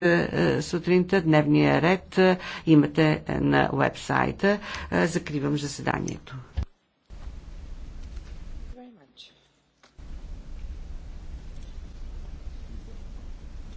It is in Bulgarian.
Е, е, сутринта. Дневния ред е, имате на вебсайта. Закривам заседанието.